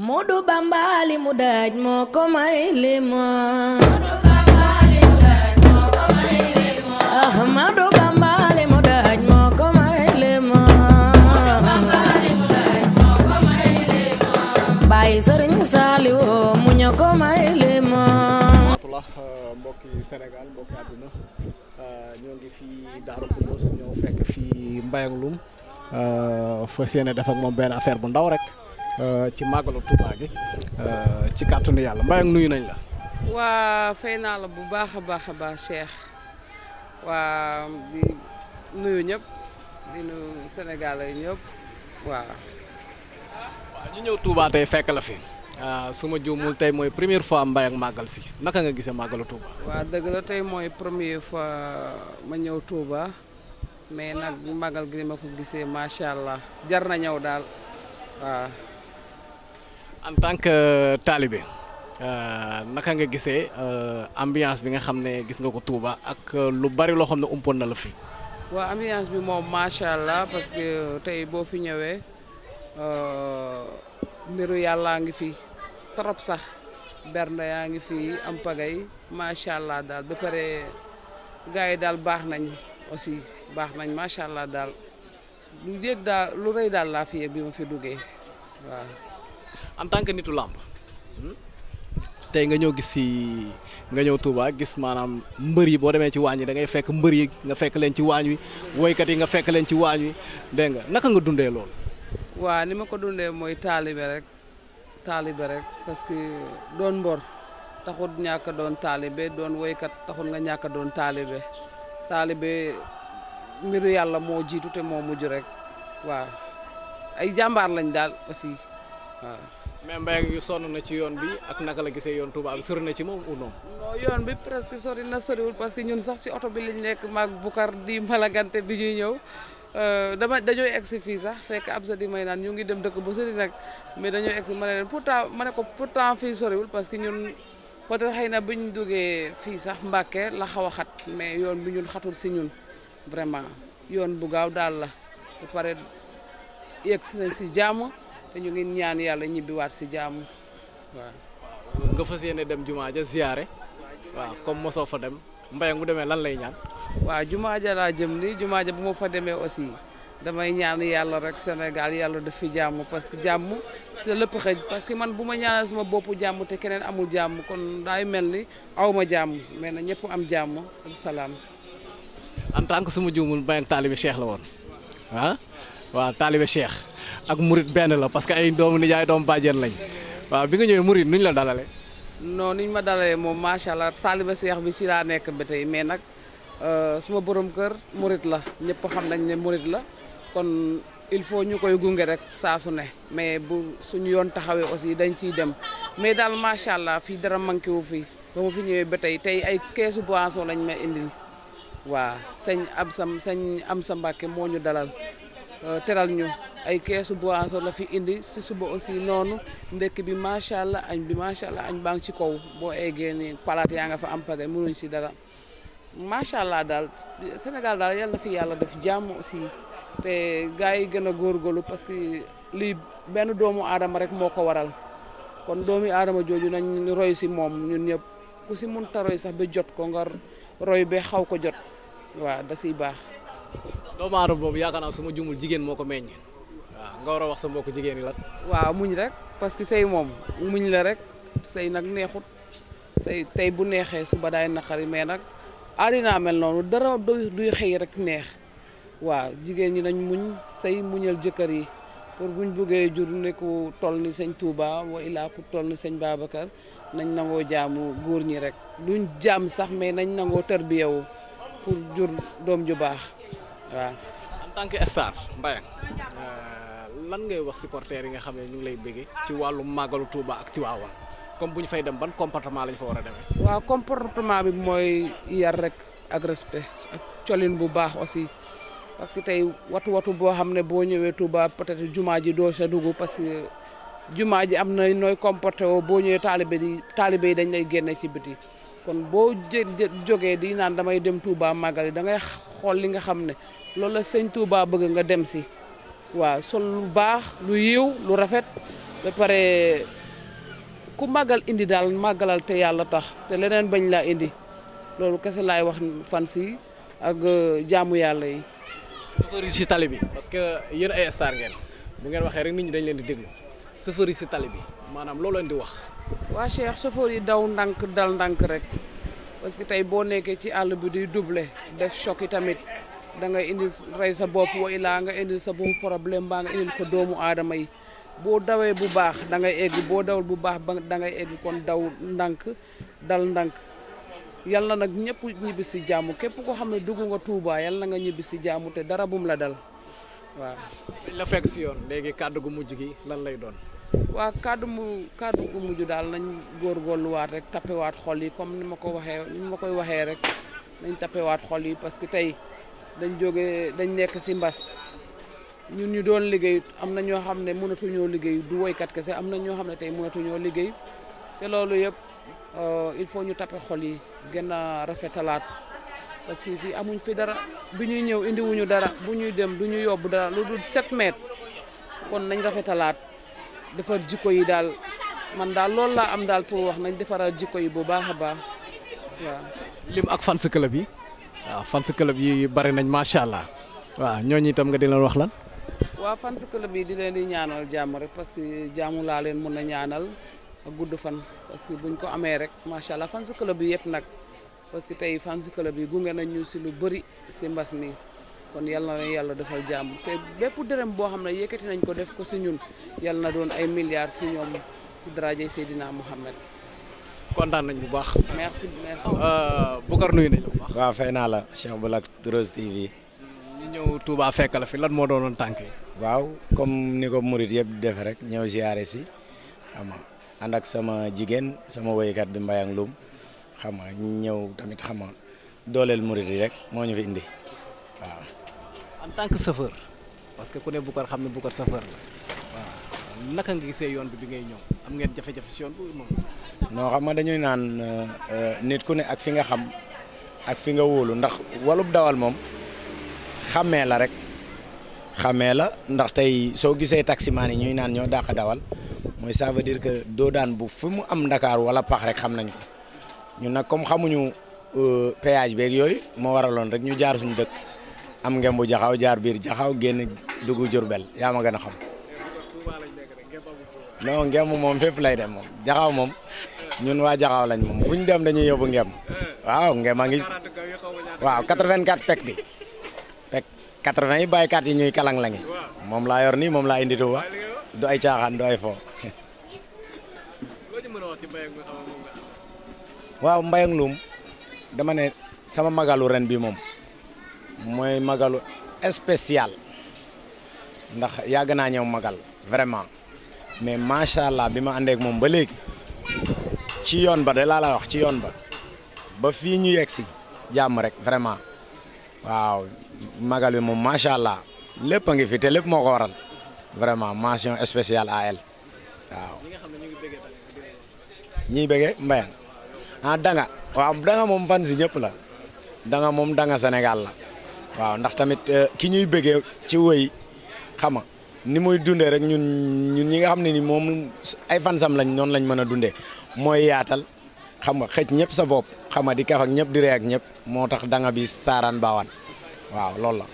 Moodu Bamba li mu daaj moo ko mu daaj moo ko may li ma Baay Sëriñ Saaliw mu ñu ko may li mbokki Sénégal mbokki àdduna eh, ñoo ngi fii Daaru Xudoos ñoo fekk fii Mbayang Loum eh, fas yéene moom benn affaire bu ndaw rek Eh, ci magalu tuba gi eh, ci kàttanu e yàlla mbaa nuyu nañ la. wa fay la bu baakha baakha ba Cheikh wa di nuyu ñep di nu Sénégal ñep wa wa ñu ñew tuba tay fekk la fi ah, suma joomul tay moy première fois mbay ak magal si naka nga gisee magalu tuba wa deug la tay moy première fois ma ñew tuba mais nak magal gi ma ko gisee macha allah jar na ñew dal waaw en tant que talibé euh, naka nga euh ambiance bi nga xamné ne gis nga ko Touba ak lu bari lo xamné umpon na la fi. wa ambiance bi moom macha allah parce que tay bo fi euh miru yalla nga fi trop sax berna ya nga fi am pagay macha allah daal ba pare dal yi daal nañ aussi bax nañ macha allah lu yëg lu reuy dal la fi bi ma fi duggé waaw en tant que nitu lamb hmm? tay nga ñëw gis fi nga ñëw Touba gis manam mbeur yi bo démé ci waañ da ngay fekk mbeur yi nga fekk len ci waañ wi kat yi nga fekk len ci waañ de nga naka nga dundé lool wa ni mako dundé moy talibé rek talibé rek parce que doon mbor taxut ñàkk doon talibé doon kat taxul nga doon talibé talibé mbiru yalla mo jitu té mo muju rek wa ay jambar lañ dal aussi waaw mais Mbaye ngi sonn na ci yoon bi ak naka la gisee yoon Touba bi sori na ci moom ou non. non yoon bi presque sori na soriwul parce que ñun sax si oto bi lañ nekk maag Bukar di malagante bi ñuy ñëw. Euh, dama dañoo egsi fii sax fekk Absa di may naan ñu ngi dem dëkk bu sori nag mais dañoo egsi ma ne leen pourtant ma ne ko pourtant fii soriwul parce que ñun peut xëy na bu ñu duggee fii sax Mbàkke la xaw a xat mais yoon bi ñun xatul si ñun vraiment yoon bu gaaw daal la ba pare si nañ si jàmm. té ñu ngi ñaan yàlla waat si jàmm waaw. nga fassiyene dem juma ja ziaré waaw comme mosoo fa dem mbay mu démé lan lay ñaan. waaw juma ja la jëm ni juma ja bu ma fa démé aussi damay ñaan yalla rek Sénégal yalla def fi Pas parce que jàmm si lepp xej parce que man buma ñaanal sama bop jàmm té keneen amul kon day melni awma jamu. mais na ñepp am jamu. ak salaam. en tant que su tali juumul talibé tali Cheikh la won wa ah? wa talibé Cheikh. ak murit benn la parce que ay doomu nijaay doom bàjjen lañ waaw bi nga ñëwee murit nuñ la dalale non ñu ma dalalee moom macha allah Saliba Seex bi si laa nekk ba tey mais nag euh, suma borom kër murit la ñëpp xam nañ ne murit la kon il faut ñu koy gunge rek saa su ne mais bu suñu yoon taxawee aussi dañ ciy dem mais daal macha allah fii dara manqué wu fi ba fi ñëwee ba tey tey ay keesu boisson lañ may indi waaw sëñ am sam sëñ am sa Mbàkke moo ñu dalal Euh, teral ñu ay keesu boisson la fi indi si suba aussi noonu ndekk bi macha allah añ bi macha allah añ baa ngi ci kaw boo eggee ni palaat yaa nga fa am pare mënuñ si dara macha allah daal Sénégal daal yàlla fi yàlla def jàmm aussi te gars yi gën a góorgóorlu parce que lii benn doomu aadama rek moo ko waral kon doomu aadama jooju nañ roy si moom ñun ñëpp ku si mënta roy sax ba jot ko nga roy ba xaw ko jot waaw da baax. doomu aadama boobu yaakaar naa su ma jumul jigéen moo ko meññ waaw nga war a wax sa mbokk jigéen yi la. waaw muñ rek parce que sëy moom muñ la rek sëy nag neexut sëy tey bu neexee suba daay naqari mais nag àddina mel noonu dara duy xëy rek neex waaw jigéen ñi nañ muñ sëy muñal jëkkër yi pour buñ buggee jur ne ku toll ni sëñ Touba wa ilaa ku toll ni sëñ Babacar nañ nangoo jaamu góor ñi rek duñ jaam sax mais nañ nangoo tarbiyawu pour jur doom ju baax. waaw en tant que star Mbayang lan ngay wax supporters yi nga xam ne ñu ngi lay bëggee ci wàllu màggalu Touba ak Tiwaawan comme bu fay dem ban comportement lañ fa war a demee. comportement bi mooy yar rek ak respect ak colin bu baax aussi parce que tey watu watu boo xam ne boo ñëwee Touba peut-être jumaa ji doo sa dugg parce que jumaa ji am na comporté woo boo ñëwee taalibe di taalibe dañ lay génne ci biti kon boo jë jógee di naan damay dem Touba màggal da ngay xool li nga xam loolu la sëñ Touba bëgg nga dem si waaw sol lu baax lu yiw lu rafet ba pare ku màggal indi daal màggalal te yàlla tax te leneen bañ laa indi loolu kese laay wax fan si ak uh, jaamu yàlla yi. chauffeur yi si tali bi parce que yéen ay star ngeen bu ngeen waxee rek nit ñi dañ leen di déglu chauffeur si tali bi maanaam leen di wax. waa Cheikh yi daw ndànk dal ndànk rek parce que tey boo nekkee ci àll bi di doublé def choc tamit. da nga indi rey sa bopp wa ilaa nga indi sa bopp problème baa nga indil ko doomu aadama yi boo dawee bu baax da ngay egg boo dawul bu baax ba da ngay egg kon daw ndànk dal ndànk yal na nag ñëpp ñibbi si jàmm képp koo xam ne dugg nga Touba yal na nga ñibbi si jàmm te dara bum la dal waaw. la fekk si yoon léegi kàddu gu mujj gi lan lay doon. waa kàddu mu kàddu gu mujj daal nañ góorgóorluwaat rek tappewaat xol yi comme ni ma ko waxee ni ma koy waxee rek nañ tappewaat xol yi parce que tey. dañ jóge dañ nekk si mbas ñu ñu doon liggéey am na ñoo xam ne mënatuñoo liggéey du woykat kese am na ñoo xam ne tey mënatuñoo liggéey te loolu yëpp euh, il faut ñu tape xol yi gën a rafetalaat parce que fii amuñ fi dara bu ñuy ñëw indiwuñu dara bu ñuy dem du ñu yóbbu dara lu dul 7 mètres kon nañ rafetalaat defar jikko yi daal man daal loolu laa am daal pour wax nañ defaraat jikko yi bu baax a baax waaw. lim ak fan sa club Ah, fans club yi bari nañ machallah wa waaw ñooñu itam nga di leen wax lan. wa fans club yi di leen di ñaanal jamm rek parce que jàmmu la leen mëna ñaanal ak gudd fan parce que buñ ko amé rek machallah fans club yi yëpp nag parce que tay fans club yi gungé nañ ñu ci lu bari ci mbass mi. kon yalla na yalla defal jamm te bépp dërëm bo xamné ne nañ ko def ko ci ñun yalla na doon ay milliards ci ñom ci daraja sayidina muhammad kontaan nañ bu baax. merci merci. Euh, nuyu nañ la bu baax. waaw fay naa la Cheikh Bulak Rose TV. ñu ñëw Touba fekk la fi lan moo doonoon tànk yi. waaw comme ni ko murit yëpp di defee rek ñëw ziare si xam sama jigéen sama woykat di Mbayang Loum xam nga ñëw tamit xam nga dooleel murit yi rek moo ñu fi indi waaw. en tant que chauffeur que ku ne Boucar xam ne Boucar chauffeur la. naka nga gisee yoon bi bi ngay ñëw am ngeen jafe si yoon moom. non xam nga dañuy naan euh, nit ku ne ak fi nga xam ak fi nga wóolu ndax walub dawal moom xàmmee la rek xàmmee la ndax tey soo gisee taximaan yi ñuy naan ñoo dàq dawal mooy ça veut dire que doo daan bu fi mu am Dakar wala pax rek xam nañ ko ñun nag comme xamuñu euh, péage beeg yooyu moo waraloon rek ñu jaar suñu dëkk am ngeen bu jaxaw jaar biir jaxaw génn dugg Jurbel yaa ma gën a xam. non ngem moom fépp lay dem moom jaxaw moom ñun waa jaxaw lañ moom fuñ dem dañuy yóbbu ngem waaw ngem a ngi waaw 84 pek bi pek 80 yi ñuy kalang langi Mom laa yor nii mom laa indi Doa du ay caaxaan du ay fo waaw mbayang lum dama ne sama magalu ren bi mom mooy magalu spécial ndax yàgg naa ñëw magal vraiment mais allah bima ma àndeek moom ba léegi ci yone ba de la la wax ci yone ba ba fi ñu yexi si rek vraiment waaw magal bi moom macha allah lépp a fi te lepp moko waral vraiment mention spéciale à elle waaw. ñi bëggé mbay, ah Danga waaw Danga mom fans ñëpp la Danga mom Danga Sénégal la waaw ndax tamit euh, ki ñuy bëggé ci wëy xama ni muy dundee rek ñun ñun ñi nga xam ne ni moom ay fansam lañ noonu lañ mën a dunde mooy yaatal xam nga xëj ñëpp sa bopp xam nga di kaf ak ñëpp di ree ak ñëpp moo tax danga bi saaraan baawaan waaw loolu la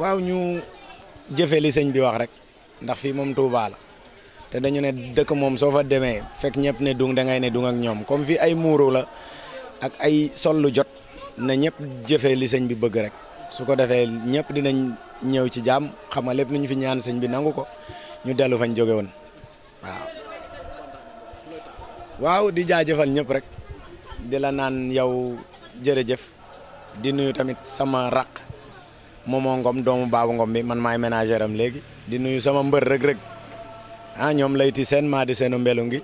waaw. ñu jëfee li sëñ bi wax rek ndax fii moom Touba la te dañu ne dëkk moom soo fa demee fekk ñëpp ne dung da ngay ne dung ak ñoom comme fii ay muuru la. ak ay sol lu jot na ñëpp jëfee li sëñ bi bëgg rek su ko defee ñëpp dinañ ñëw ci jàmm xam nga lépp lu ñu fi ñaan sëñ bi nangu ko ñu dellu fañ jóge woon waaw. waaw di jaajëfal ñëpp rek di la naan yow jërëjëf di nuyu tamit sama raq moomoo ngom doomu baabu ngom bi man may ménagère am léegi di nuyu sama mbër rëg-rëg ah ñoom layti seen maa di seenu mbelu ngi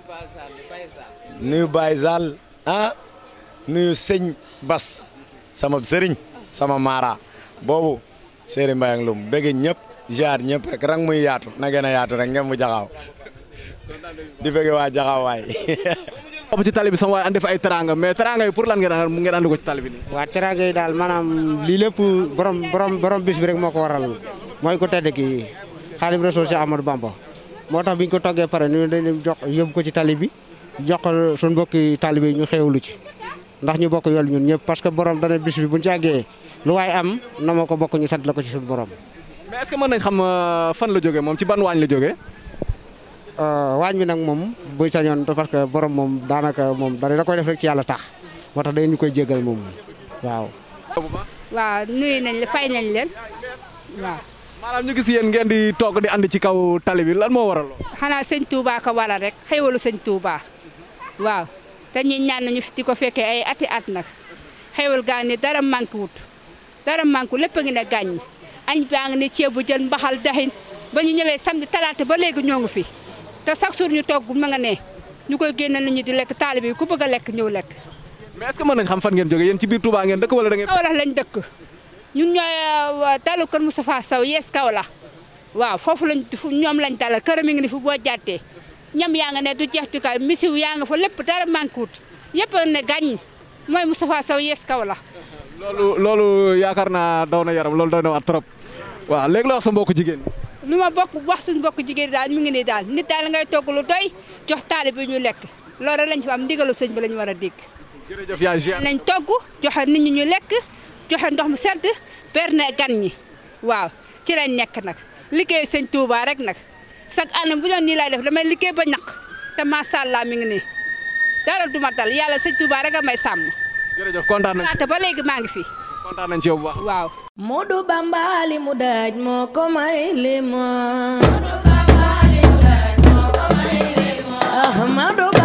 nuyu Baye Sall ah nuyu seigne Bas sama serigne sama mara bobu Serigne Mbaye ak Loum bëgg ñëpp jaar ñep rek rang muy yaatu na gën yaatu rek ngeen mu jaxaw di bëgg wa jaxaw way bobu ci tali sama way andi fa ay teranga mais teranga yi pour lan ngeen daan ngeen andu ko ci tali ni wa teranga yi dal manam li lepp borom borom borom bis bi rek moko waral moy ko tedd ki khalif rasoul cheikh amadou Bamba motax biñ ko toggé paré ñu dañu jox yóbbu ko ci tali bi jox sun mbokk talibi tali bi ñu xewlu ci ndax ñu bokk yool ñun ñepp parce que borom dañu bis bi buñ ci aggé lu way am na bokk ñu sant lako ci sun borom. mais est ce que mën nañ xam euh, fan la joggé mom ci ban wañ la euh wañ bi nag moom buy sañoon parce que borom mom danaka mom dara da koy def rek ci yalla tax motax tax day ñu koy jégal waaw. waaw nuyu nañ le fay nañ leen waaw. manam ñu gis yeen ngeen di toog di and ci kaw tali bi lan mo waral. xana seigne Touba ka wala rek xewalu seigne Touba waaw. te ñii ñaan nañu fi di ko fekkee ay ati at nag xewal gaa ngi ni dara manqué wut dara manqué lépp a ngi ne gàññ añ baa ngi ni ceebu jën mbaxal daxin ba ñu ñëwee samedi talaate ba léegi ñoo ngi fi te chaque jour ñu toog ma nga ne ñu koy génne nit ñi di lekk taalibe yi ku bëgg lekk ñëw lekk. mais est mën nañ xam fan ngeen jógee yéen ci biir Touba ngeen dëkk wala da ngeen. Kaolack lañ dëkk ñun ñooy euh, dalu kër Moustapha Sow yees Kaolack waaw foofu lañ ñoom lañ dalal këram mi ngi ni fu boo ñam yaa nga ne du jeex jeextukaay misiw yaa nga fa lépp dara manqué wut yëpp ne gàññ mooy Moustapha Sow yees kaw la. loolu loolu yaakaar naa daw na yaram loolu daw na waat trop waaw léegi la wax sa mbokku jigéen lu ma bokk wax suñu mbokku jigéen daal mi ngi nii daal nit daal ngay togg lu doy jox taalibe bi ñu lekk loolu lañ fi am ndigalu sëñ ba la ñu war a dégg. jërëjëf yaa ngi lañ nit ñi ñu lekk jox ndox mu sedd berne gan ñi waaw ci lañ nekk nag liggéey sëñ Touba rek nag. sak anam bu doon nii lay def dama liggéey ba ñaq te sha allah mi ngi ni dara du ma dal yàlla sëñ Touba rek may sam sàmm. jërëjëf kontaan nañ ba léegi ma ngi fi. contane nañ ci yow bu baax waaw. Modou bambali mu daaj moko may li Modou bambali mu daaj moko may li ahmadou